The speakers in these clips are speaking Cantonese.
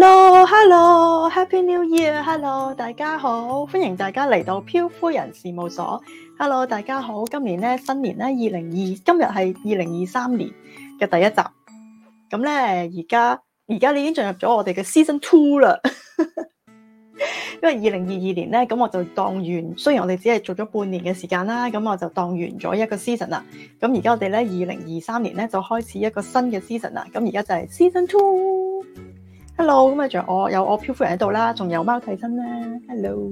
Hello，Hello，Happy New Year，Hello，大家好，歡迎大家嚟到漂夫人事務所。Hello，大家好，今年咧新年咧，二零二今日係二零二三年嘅第一集。咁咧而家而家你已經進入咗我哋嘅 Season Two 啦。 因為二零二二年咧，咁我就當完，雖然我哋只係做咗半年嘅時間啦，咁我就當完咗一個 Season 啦。咁而家我哋咧二零二三年咧就開始一個新嘅 Season 啦。咁而家就係 Season Two。Hello，咁啊，仲有我有我漂夫人喺度啦，仲有貓替身啦。Hello，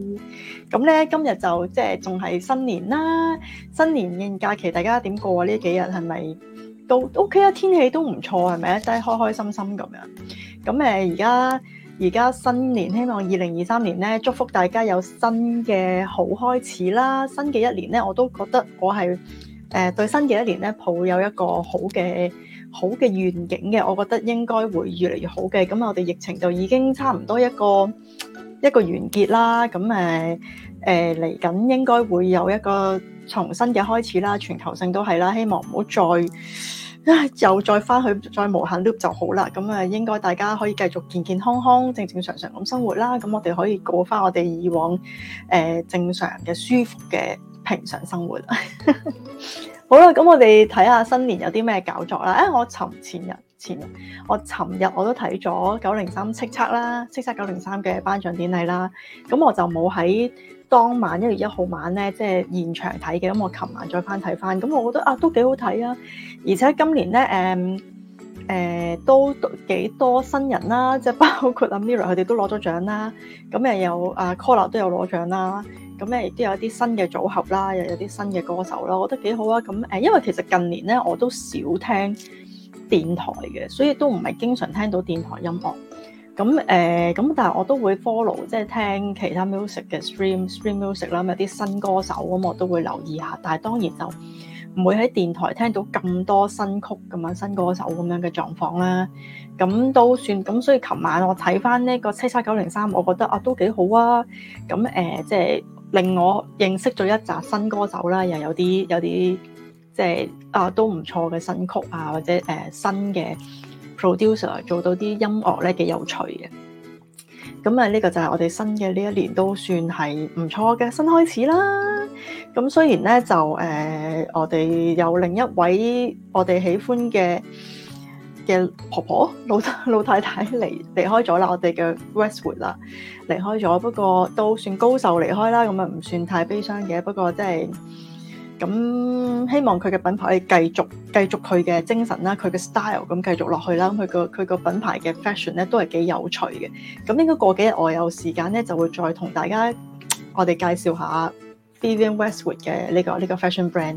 咁咧今日就即係仲係新年啦，新年嘅假期大家點過啊？呢幾日係咪都 OK 啊？天氣都唔錯係咪啊？真係開開心心咁樣。咁誒而家而家新年，希望二零二三年咧，祝福大家有新嘅好開始啦。新嘅一年咧，我都覺得我係誒、呃、對新嘅一年咧抱有一個好嘅。好嘅願景嘅，我覺得應該會越嚟越好嘅。咁我哋疫情就已經差唔多一個一個完結啦。咁誒誒嚟緊應該會有一個重新嘅開始啦。全球性都係啦，希望唔好再又再翻去再無限 loop 就好啦。咁誒應該大家可以繼續健健康康、正正常常咁生活啦。咁我哋可以過翻我哋以往誒、呃、正常嘅舒服嘅平常生活 好啦，咁我哋睇下新年有啲咩搞作啦。誒、哎，我尋前日，前日我尋日我都睇咗《九零三》叱咤啦，叱咤《九零三》嘅頒獎典禮啦。咁我就冇喺當晚一月一號晚咧，即、就、係、是、現場睇嘅。咁我琴晚再翻睇翻，咁我覺得啊，都幾好睇啊。而且今年咧，誒、嗯嗯、都幾多新人啦，即係包括阿 Mirror 佢哋都攞咗獎啦。咁誒有 Collar 都有攞獎啦。咁亦都有啲新嘅組合啦，又有啲新嘅歌手啦，我覺得幾好啊！咁誒，因為其實近年咧我都少聽電台嘅，所以都唔係經常聽到電台音樂。咁誒，咁、呃、但係我都會 follow 即係聽其他 music 嘅 stream、stream music 啦，咁有啲新歌手咁我都會留意下。但係當然就唔會喺電台聽到咁多新曲咁樣、新歌手咁樣嘅狀況啦。咁都算咁，所以琴晚我睇翻呢個七七九零三，我覺得啊都幾好啊！咁誒、呃，即係。令我認識咗一紮新歌手啦，又有啲有啲即係啊都唔錯嘅新曲啊，或者誒、呃、新嘅 producer 做到啲音樂咧幾有趣嘅。咁啊呢個就係我哋新嘅呢一年都算係唔錯嘅新開始啦。咁雖然咧就誒、呃、我哋有另一位我哋喜歡嘅嘅婆婆老老太太離離開咗啦，我哋嘅 Westwood 啦離開咗，不過都算高壽離開啦，咁啊唔算太悲傷嘅，不過即係咁希望佢嘅品牌繼續繼續佢嘅精神啦，佢嘅 style 咁繼續落去啦，咁佢個佢個品牌嘅 fashion 咧都係幾有趣嘅，咁應該過幾日我有時間咧就會再同大家我哋介紹下 Vivienne Westwood 嘅呢個呢個 fashion brand，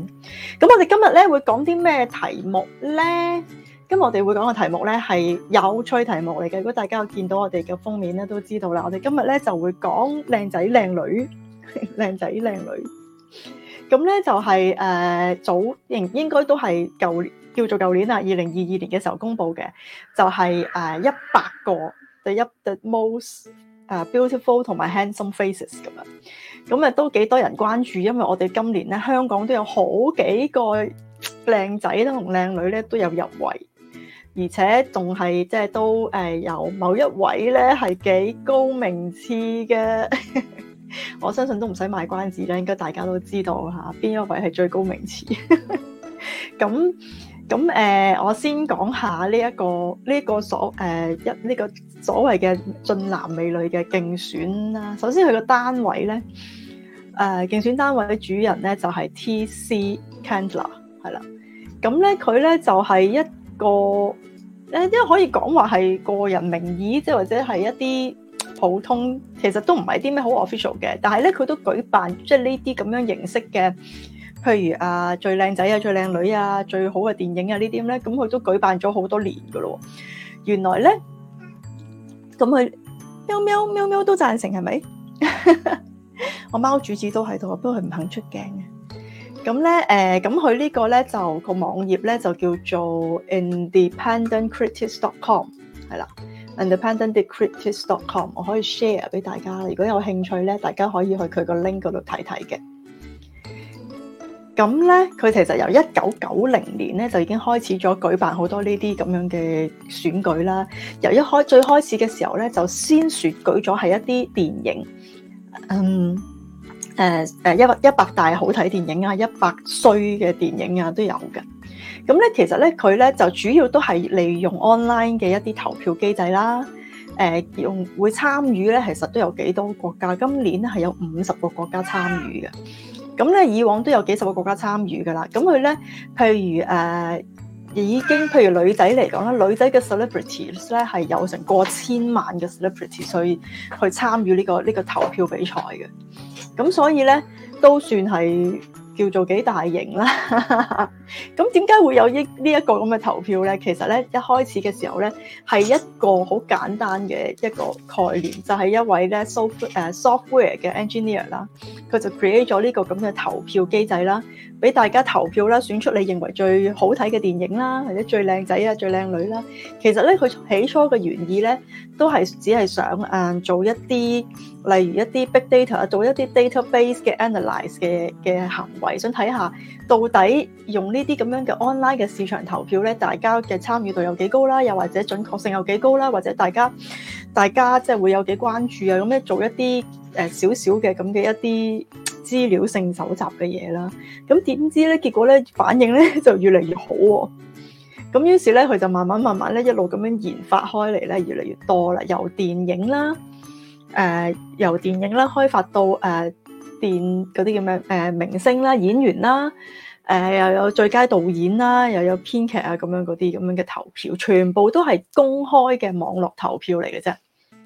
咁我哋今日咧會講啲咩題目咧？咁我哋會講嘅題目咧係有趣題目嚟嘅。如果大家有見到我哋嘅封面咧，都知道啦。我哋今日咧就會講靚仔靚女，靚仔靚女。咁咧就係誒早應應該都係舊叫做舊年啊，二零二二年嘅時候公布嘅，就係誒一百個第一 The Most 誒 Beautiful 同埋 Handsome Faces 咁樣。咁啊都幾多人關注，因為我哋今年咧香港都有好幾個靚仔啦同靚女咧都有入圍。而且仲係即係都誒，由某一位咧係幾高名次嘅，我相信都唔使賣關子啦，應該大家都知道吓邊一位係最高名次。咁咁誒，我先講下呢、這、一個呢、這個所誒一呢個所謂嘅俊男美女嘅競選啦。首先佢個單位咧，誒、呃、競選單位嘅主人咧就係、是、TC Candler，係啦。咁咧佢咧就係、是、一。個誒，因為可以講話係個人名義，即係或者係一啲普通，其實都唔係啲咩好 official 嘅。但係咧，佢都舉辦即係呢啲咁樣形式嘅，譬如啊最靚仔啊、最靚女啊、最好嘅電影啊這些呢啲咧，咁佢都舉辦咗好多年噶啦。原來咧，咁佢喵喵喵喵都贊成係咪？是 我貓主子都喺度，不過佢唔肯出鏡。咁咧，誒、呃，咁佢呢個咧就個網頁咧就叫做 IndependentCritics.com，係啦，IndependentCritics.com，我可以 share 俾大家。如果有興趣咧，大家可以去佢個 link 嗰度睇睇嘅。咁咧，佢其實由一九九零年咧就已經開始咗舉辦好多呢啲咁樣嘅選舉啦。由一開最開始嘅時候咧，就先選舉咗係一啲電影，嗯。誒誒，一一百大好睇電影啊，一百衰嘅電影啊，都有㗎。咁咧，其實咧，佢咧就主要都係利用 online 嘅一啲投票機制啦。誒，用會參與咧，其實都有幾多國家。今年咧係有五十個國家參與㗎。咁咧，以往都有幾十個國家參與噶啦。咁佢咧，譬如誒。已經，譬如女仔嚟講啦，女仔嘅 celebrities 咧係有成過千萬嘅 celebrities 去去參與呢個呢個投票比賽嘅，咁所以咧都算係。叫做幾大型啦，咁點解會有呢呢一個咁嘅投票咧？其實咧一開始嘅時候咧，係一個好簡單嘅一個概念，就係一位咧 soft 誒 software 嘅 engineer 啦，佢就 create 咗呢個咁嘅投票機制啦，俾大家投票啦，選出你認為最好睇嘅電影啦，或者最靚仔啊、最靚女啦。其實咧佢起初嘅原意咧，都係只係想誒做一啲例如一啲 big data 做一啲 database 嘅 analyze 嘅嘅行為。嚟想睇下到底用呢啲咁樣嘅 online 嘅市場投票咧，大家嘅參與度有幾高啦，又或者準確性有幾高啦，或者大家大家即係會有幾關注啊？咁咧做一啲誒少少嘅咁嘅一啲資料性搜集嘅嘢啦。咁點知咧結果咧反應咧就越嚟越好喎，啊。咁於是咧佢就慢慢慢慢咧一路咁樣研發開嚟咧，越嚟越多啦。由電影啦，誒、呃、由電影啦開發到誒。呃電嗰啲叫咩？誒、呃，明星啦，演員啦，誒、呃，又有最佳導演啦，又有編劇啊，咁樣嗰啲咁樣嘅投票，全部都係公開嘅網絡投票嚟嘅啫。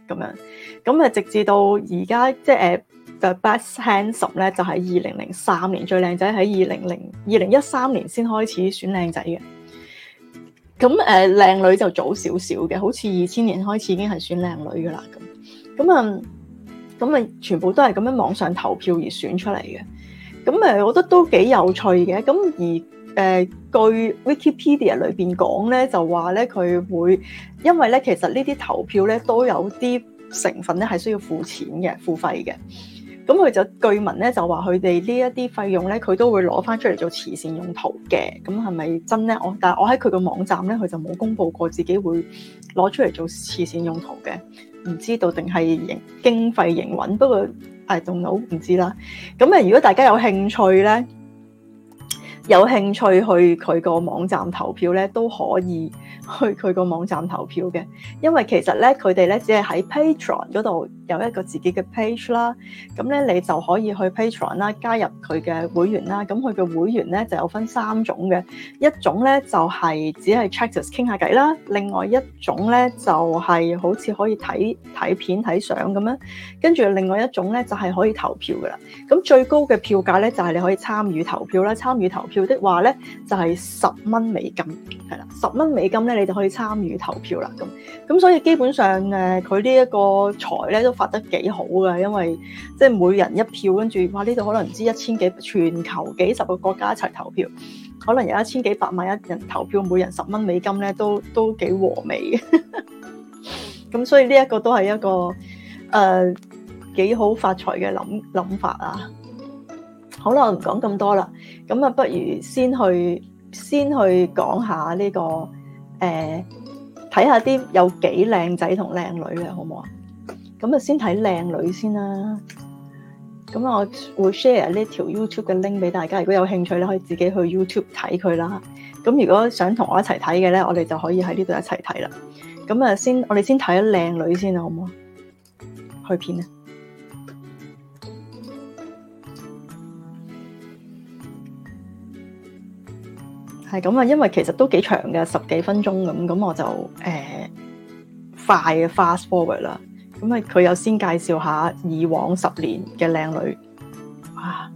咁樣咁啊，直至到而家即係誒、呃，就 Best Handsome 咧，就喺二零零三年最靚仔，喺二零零二零一三年先開始選靚仔嘅。咁誒，靚、呃、女就早少少嘅，好似二千年開始已經係選靚女噶啦咁。咁啊。咁啊，全部都係咁樣網上投票而選出嚟嘅。咁誒，我覺得都幾有趣嘅。咁而誒、呃，據 Wikipedia 裏邊講咧，就話咧佢會因為咧，其實呢啲投票咧都有啲成分咧係需要付錢嘅，付費嘅。咁佢就據聞咧就話佢哋呢一啲費用咧，佢都會攞返出嚟做慈善用途嘅。咁係咪真咧？我但係我喺佢個網站咧，佢就冇公佈過自己會攞出嚟做慈善用途嘅。唔知道定係營經費營運，不過誒動腦唔知啦。咁誒，如果大家有興趣咧～有興趣去佢個網站投票咧都可以去佢個網站投票嘅，因為其實咧佢哋咧只係喺 Patreon 嗰度有一個自己嘅 page 啦，咁咧你就可以去 Patreon 啦，加入佢嘅會員啦，咁佢嘅會員咧就有分三種嘅，一種咧就係、是、只係 chaters 傾下偈啦，另外一種咧就係、是、好似可以睇睇片睇相咁樣，跟住另外一種咧就係、是、可以投票噶啦，咁最高嘅票價咧就係、是、你可以參與投票啦，參與投票。票的話咧，就係十蚊美金，係啦，十蚊美金咧，你就可以參與投票啦。咁咁，所以基本上誒，佢、呃這個、呢一個財咧都發得幾好嘅，因為即係每人一票，跟住哇，呢度可能唔知一千幾，全球幾十個國家一齊投票，可能有一千幾百萬一人投票，每人十蚊美金咧，都都幾和美嘅。咁 所以呢一個都係一個誒幾好發財嘅諗諗法啊！好啦，我唔講咁多啦，咁啊，不如先去先去講下呢個誒，睇下啲有幾靚仔同靚女嘅，好唔好啊？咁啊，先睇靚女先啦。咁我會 share 呢條 YouTube 嘅 link 俾大家，如果有興趣咧，可以自己去 YouTube 睇佢啦。咁如果想同我一齊睇嘅咧，我哋就可以喺呢度一齊睇啦。咁啊，我先我哋先睇靚女先啦，好唔好啊？去片啊！係咁啊，因為其實都幾長嘅，十幾分鐘咁，咁我就誒、呃、快 fast forward 啦。咁啊，佢又先介紹下以往十年嘅靚女啊，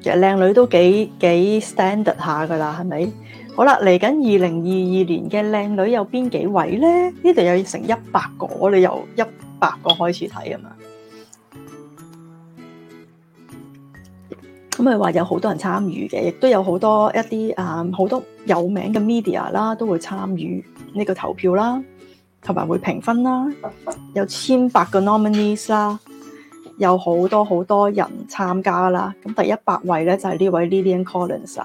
其實靚女都幾幾 standard 下噶啦，係咪？好啦，嚟緊二零二二年嘅靚女有邊幾位咧？呢度有成一百個，你由一百個開始睇啊嘛。咁咪話有好多人參與嘅，亦都有好多一啲啊，好、嗯、多有名嘅 media 啦，都會參與呢個投票啦，同埋會評分啦。有千百個 nominees 啦，有好多好多人參加啦。咁第一百位咧就係呢位 Lillian Collins。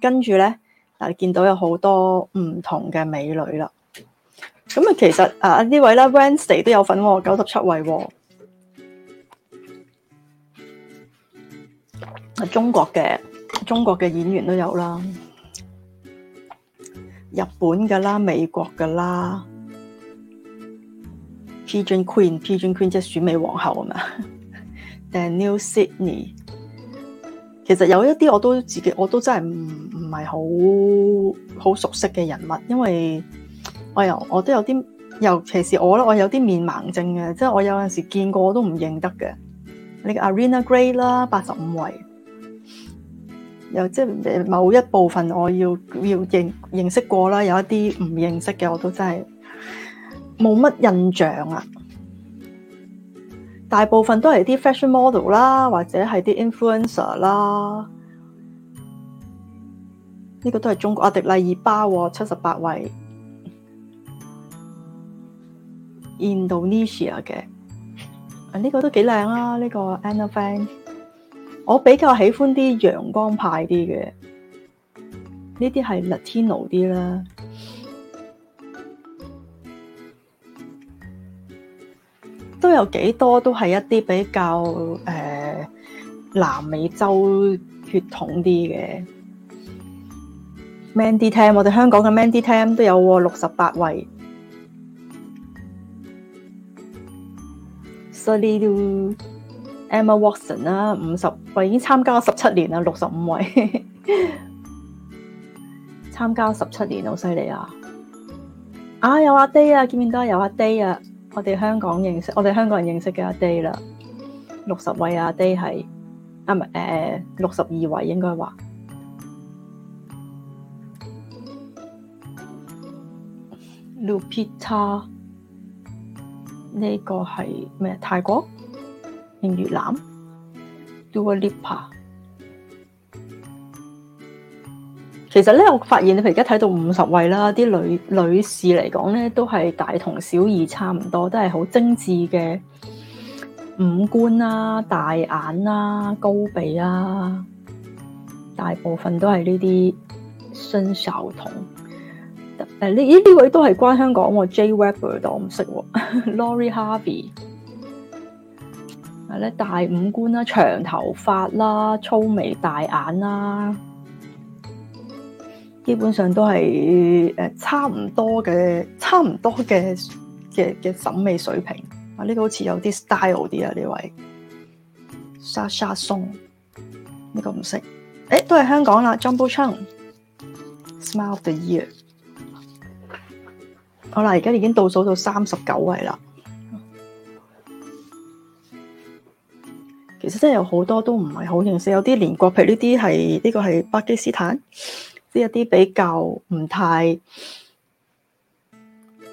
跟住咧啊，見到有好多唔同嘅美女啦。咁啊，其實啊呢位呢位咧 Wednesday 都有份喎，九十七位喎。啊！中國嘅中國嘅演員都有啦，日本噶啦，美國噶啦，Pigeon Queen，Pigeon Queen 即係選美皇后啊嘛。定 New Sydney，其實有一啲我都自己我都真係唔唔係好好熟悉嘅人物，因為我又我都有啲尤其是我啦，我有啲面盲症嘅，即係我有陣時見過我都唔認得嘅。你個 Arena Gray 啦，八十五位。有即係、就是、某一部分我要要認，認識過啦，有一啲唔認識嘅我都真係冇乜印象啊。大部分都係啲 fashion model 啦，或者係啲 influencer 啦。呢、這個都係中國啊，迪麗熱巴七十八位，Indonesia 嘅啊呢、這個都幾靚啊，呢、這個 Anna Fan。我比較喜歡啲陽光派啲嘅，呢啲係 Latino 啲啦，都有幾多都係一啲比較誒、呃、南美洲血統啲嘅。Mandy Tam，我哋香港嘅 Mandy Tam 都有喎，六十八位。Sorry Emma Watson 啦，五十位已經參加咗十七年啦，六十五位 參加咗十七年，好犀利啊！啊，有阿 Day 啊，見唔見到？有阿 Day 啊，我哋香港認識，我哋香港人認識嘅阿 Day 啦，六十位阿 Day 係，啊，唔係誒，六十二位應該話 Lupita 呢個係咩？泰國？越南，Dua Lipa。其實咧，我發現你譬如而家睇到五十位啦，啲女女士嚟講咧，都係大同小異差唔多，都係好精緻嘅五官啦、啊、大眼啦、啊、高鼻啦、啊，大部分都係呢啲新秀同。誒，呢呢位都係關香港喎，J Weber，我唔識喎、啊、 ，Lori Harvey。係大五官啦，長頭髮啦，粗眉大眼啦，基本上都係差唔多嘅，差唔多嘅嘅嘅審美水平。啊，呢、呢個好似有啲 style 啲啊，呢位沙沙松，呢個唔識。誒，都係香港啦，Jumbo Chung，Smile of the Year。好啦，而家已經倒數到三十九位啦。其實真係有好多都唔係好認識，有啲連國，譬如呢啲係，呢個係巴基斯坦，即係呢一啲比較唔太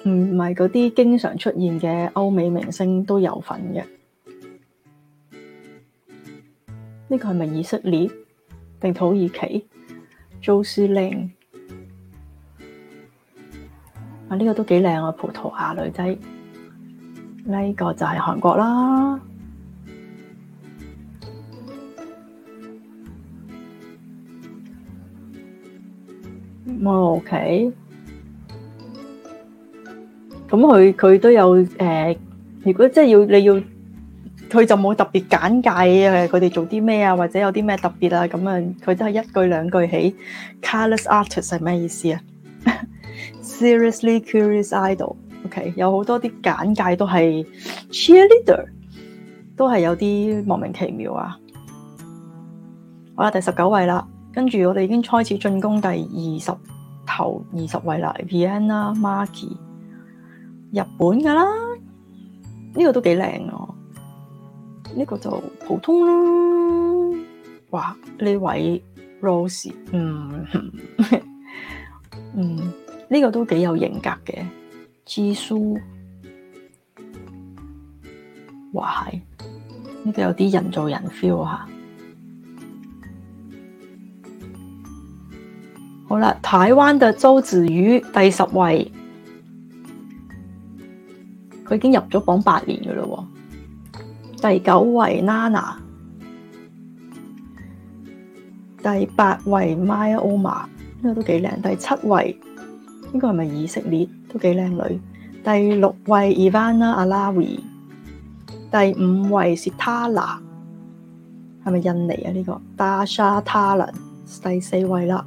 唔係嗰啲經常出現嘅歐美明星都有份嘅。呢個係咪以色列定土耳其？做事靚啊！呢個都幾靚啊，葡萄牙女仔。呢個就係韓國啦。O K，咁佢佢都有誒，如果即係要你要，佢就冇特別簡介啊，佢哋做啲咩啊，或者有啲咩特別啊咁樣，佢都係一句兩句起。Colourist artist 係咩意思啊？Seriously curious idol，O K，有好多啲簡介都係 cheerleader，都係有啲莫名其妙啊。好啦，第十九位啦，跟住我哋已經開始進攻第二十。頭二十位啦 Vienna，Marky 日本㗎啦，這個都挺漂亮的這個就普通啦，哇，這位 Rose，嗯，嗯，這個都挺有型格的 Jisoo 哇這個有點人造人 feel 啊～好啦，台灣的周子瑜第十位，佢已經入咗榜八年了。第九位 Nana，第八位 Myoma，a a r 呢個都幾靚。第七位應該係咪以色列都幾靚女。第六位 i v a n a a l a w i 第五位 Sitala, 是 Tala，係咪印尼啊？呢、這個 Dasha Tala。第四位啦。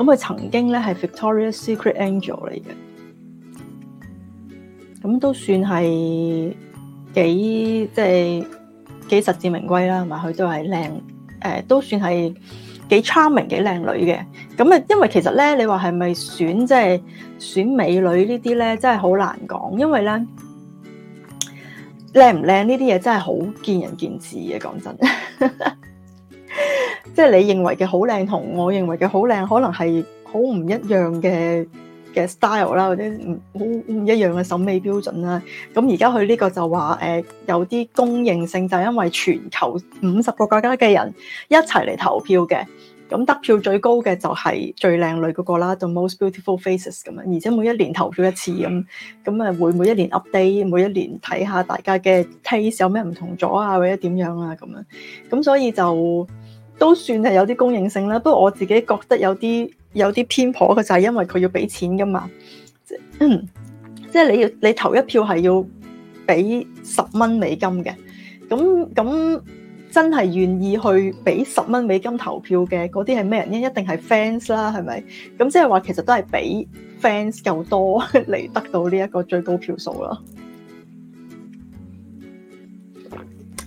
咁佢曾經咧係 Victoria's Secret Angel 嚟嘅，咁都算係幾即係幾實至名歸啦，同埋佢都係靚，誒、呃、都算係幾 charming 幾靚女嘅。咁啊，因為其實咧，你話係咪選即係、就是、選美女這些呢啲咧，真係好難講，因為咧靚唔靚呢啲嘢真係好見仁見智嘅，講真。 即係你認為嘅好靚，同我認為嘅好靚，可能係好唔一樣嘅嘅 style 啦，或者唔好唔一樣嘅審美標準啦。咁而家佢呢個就話、呃、有啲公認性，就係因為全球五十個國家嘅人一齊嚟投票嘅。咁得票最高嘅就係最靚女嗰個啦，The Most Beautiful Faces 咁樣。而且每一年投票一次咁，咁啊會每一年 update，每一年睇下大家嘅 taste 有咩唔同咗啊，或者點樣啊咁樣。咁所以就。都算係有啲公認性啦，不過我自己覺得有啲有啲偏頗嘅就係、是、因為佢要俾錢噶嘛，即係、 就是、你要你投一票係要俾十蚊美金嘅，咁咁真係願意去俾十蚊美金投票嘅嗰啲係咩人咧？一定係 fans 啦，係咪？咁即係話其實都係俾 fans 夠多嚟得到呢一個最高票數咯。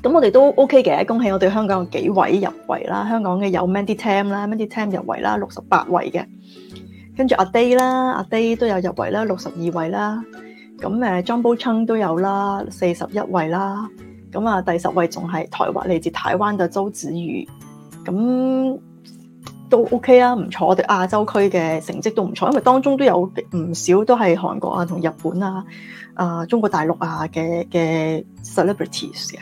咁我哋都 OK 嘅，恭喜我哋香港有幾位入圍啦！香港嘅有 Mandy Tam 啦，Mandy Tam 入圍啦，六十八位嘅。跟住阿 Day 啦，阿 Day 都有入圍啦，六十二位啦。咁誒 Jumbo Chung 都有啦，四十一位啦。咁啊，第十位仲係台灣嚟自台灣嘅周子瑜，咁都 OK 啊，唔錯。我哋亞洲區嘅成績都唔錯，因為當中都有唔少都係韓國啊、同日本啊、啊中國大陸啊嘅嘅 celebrities 嘅。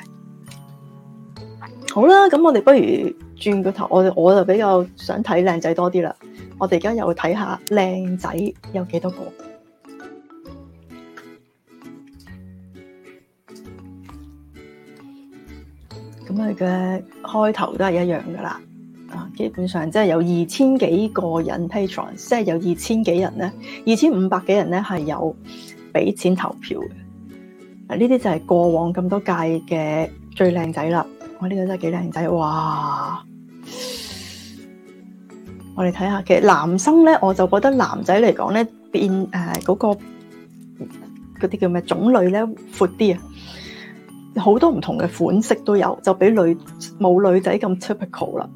好啦，咁我哋不如轉個頭，我哋我就比較想睇靚仔多啲啦。我哋而家又睇下靚仔有幾多個。咁佢嘅開頭都係一樣噶啦，啊，基本上即係有二千幾個人 Patreon 即係有二千幾人咧，二千五百幾人咧係有俾錢投票嘅。啊，呢啲就係過往咁多屆嘅最靚仔啦。我呢個真係幾靚仔，哇！我哋睇下，其實男生咧，我就覺得男仔嚟講咧，變誒嗰個嗰啲叫咩種類咧，闊啲啊，好多唔同嘅款式都有，就比女冇女仔咁 typical 啦。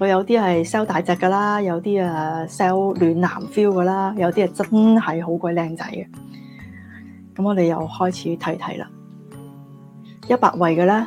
佢有啲係 sell 大隻噶啦，有啲啊 sell 暖男 feel 噶啦，有啲係真係好鬼靚仔嘅。咁我哋又開始睇睇啦，一百位嘅咧。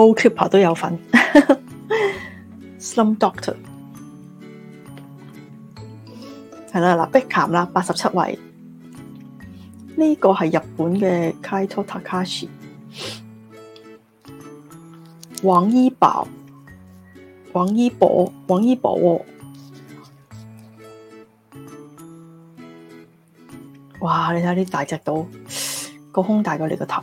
高級都有份 ，Slum Doctor 係啦，嗱碧咸啦，八十七位，呢、呢個係日本嘅 Kaito Takashi，王一博，王一博，王一博喎，哇！你睇下啲大隻佬，個胸大過你個頭。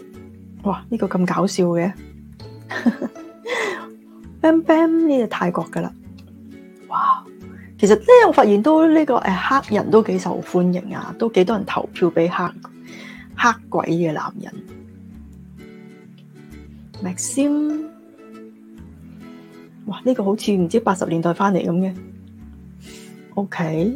哇！呢、這個咁搞笑嘅 BamBam 呢個是泰國噶啦。哇！其實咧，我發現都呢、這個誒黑人都幾受歡迎啊，都幾多人投票俾黑黑鬼嘅男人。Maxim，哇！呢、這個好似唔知八十年代翻嚟咁嘅。OK。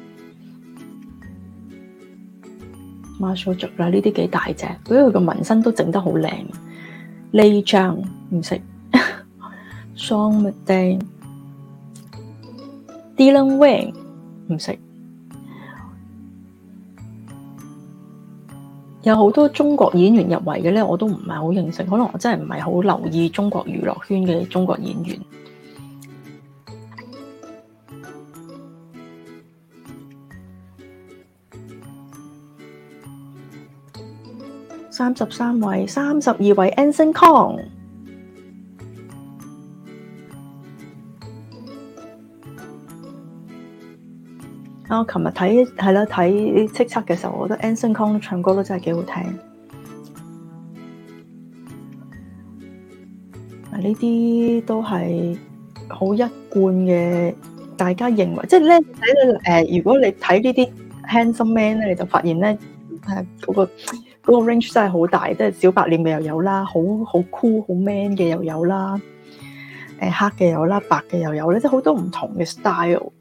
馬蘇着啦，呢啲幾大隻，佢佢個紋身都整得好靚。Zhang 唔識，Song Deng，Dylan Wang 唔識，有好多中國演員入圍嘅，我都唔係好認識，可能我真係唔係好留意中國娛樂圈嘅中國演員。三十三位、三十二位 Anson Kong。啊，oh，我琴日睇係啦，睇叱咤嘅時候，我覺得 Anson Kong 唱歌都真係幾好聽。嗱，啊，呢啲都係好一貫嘅，大家認為即係咧睇咧誒，如果你睇呢啲 handsome man 咧，你就發現咧誒嗰個。嗰個 range 真係好大，即係小白臉嘅又有啦，好好 cool 好 man 嘅又有啦，誒黑嘅有啦，白嘅又有咧，即係好多唔同嘅 style。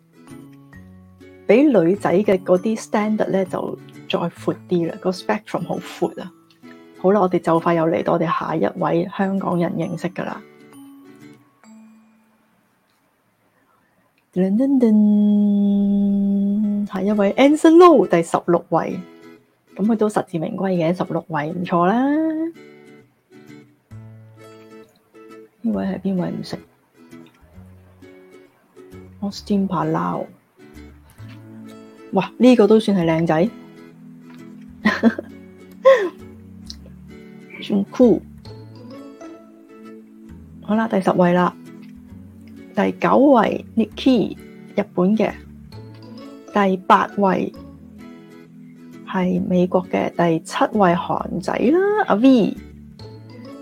俾女仔嘅嗰啲 standard 咧就再闊啲啦，個 spectrum 好闊啊！好啦，我哋就快又嚟到我哋下一位香港人認識噶啦。下一位 Anson Lo，第十六位。咁佢都實至名歸嘅，十六位唔錯啦。呢位係邊位唔識？Austin Palau？哇，呢、這個都算係靚仔，算酷！好啦，第十位啦。第九位，Niki 日本嘅。第八位。係美國嘅第七位韓仔啦，阿 V，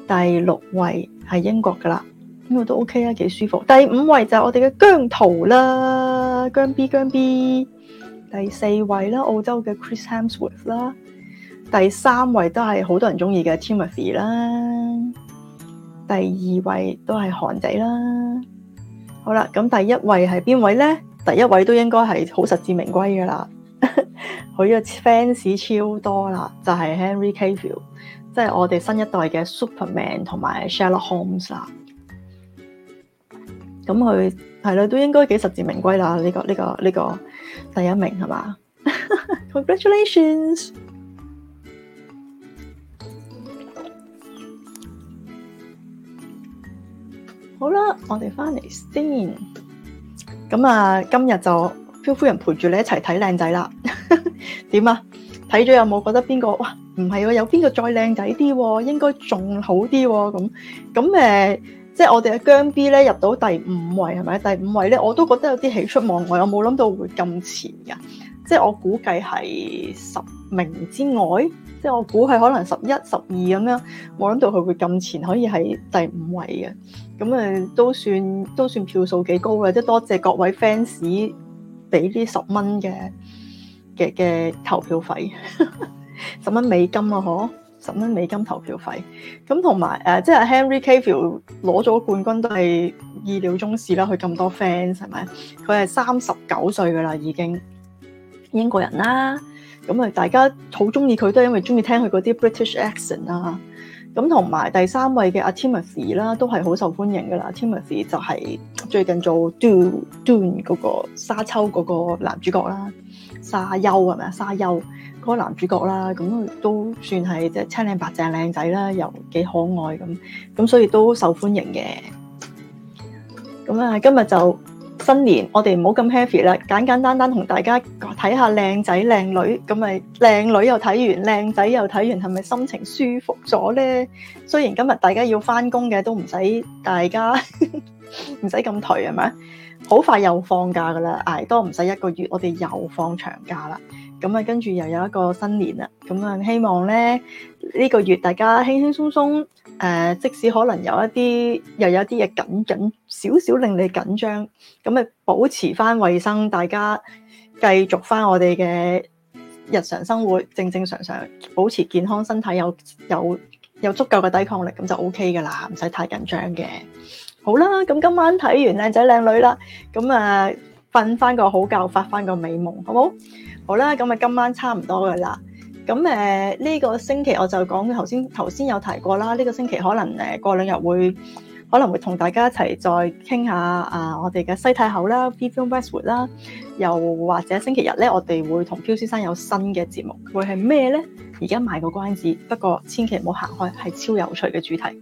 第六位係英國噶啦，英國都 OK 啊，幾舒服。第五位就我哋嘅姜濤啦，姜 B 姜 B，第四位啦，澳洲嘅 Chris Hemsworth 啦，第三位都係好多人中意嘅 Timothy 啦，第二位都係韓仔啦，好啦，咁第一位係邊位咧？第一位都應該係好實至名歸噶啦。佢嘅 fans 超多啦，就係 Henry Cavill，即係我哋新一代嘅 Superman 同埋 Sherlock Holmes 啦。咁佢係啦，都應該幾實至名歸啦。呢個呢個呢個第一名係嘛？Congratulations！好啦，我哋翻嚟先。咁啊，今日就漂夫人陪住你一齊睇靚仔啦。點啊？睇咗有冇覺得邊個哇？唔係喎，有邊個再靚仔啲喎？應該仲好啲喎。咁咁，誒，即係我哋嘅姜 B 咧入到第五位係咪？第五位咧我都覺得有啲喜出望外，我冇諗到會咁前噶。即係我估計係十名之外，即係我估係可能十一、十二咁樣。冇諗到佢會咁前，可以喺第五位嘅。咁啊、呃，都算都算票數幾高嘅，即係多謝各位 fans 俾呢十蚊嘅。嘅嘅投票費 十蚊美金啊，嗬十蚊美金投票費咁同埋誒，即係 Henry Cavill 攞咗冠軍都係意料中事啦。佢咁多 fans 係咪？佢係三十九歲噶啦，已經英國人啦。咁啊，大家好中意佢都係因為中意聽佢嗰啲 British accent 啊。咁同埋第三位嘅阿 Timothy 啦，都係好受歡迎噶啦、啊。Timothy 就係最近做 d o Do》嗰個沙丘嗰個男主角啦。沙丘係咪啊？沙丘嗰個男主角啦，咁都算係即係青靚白淨靚仔啦，又幾可愛咁，咁所以都受歡迎嘅。咁啊，今日就新年，我哋唔好咁 heavy 啦，簡簡單單同大家睇下靚仔靚女，咁咪靚女又睇完，靚仔又睇完，係咪心情舒服咗咧？雖然今日大家要返工嘅，都唔使大家唔使咁頹，係咪啊？好快又放假噶啦，挨多唔使一個月，我哋又放長假啦。咁啊，跟住又有一個新年啦。咁啊，希望咧呢、呢個月大家輕輕鬆鬆，誒、呃，即使可能有一啲，又有一啲嘢緊緊，少少令你緊張。咁啊，保持翻衞生，大家繼續翻我哋嘅日常生活，正正常常保持健康身體有，有有有足夠嘅抵抗力，咁就 O K 噶啦，唔使太緊張嘅。好啦，咁今晚睇完靚仔靚女啦，咁啊瞓翻個好覺，發翻個美夢，好冇？好？啦，咁啊今晚差唔多噶啦，咁誒呢個星期我就講頭先頭先有提過啦，呢、這個星期可能誒過兩日會，可能會同大家一齊再傾下啊我哋嘅西太后啦 b i e f on Basswood 啦，又或者星期日咧，我哋會同飄先生有新嘅節目，會係咩咧？而家賣個關子，不過千祈唔好行開，係超有趣嘅主題。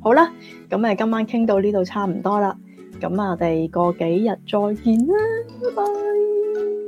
好啦。咁誒，今晚傾到呢度差唔多喇，咁我哋過幾日再見啦，拜拜。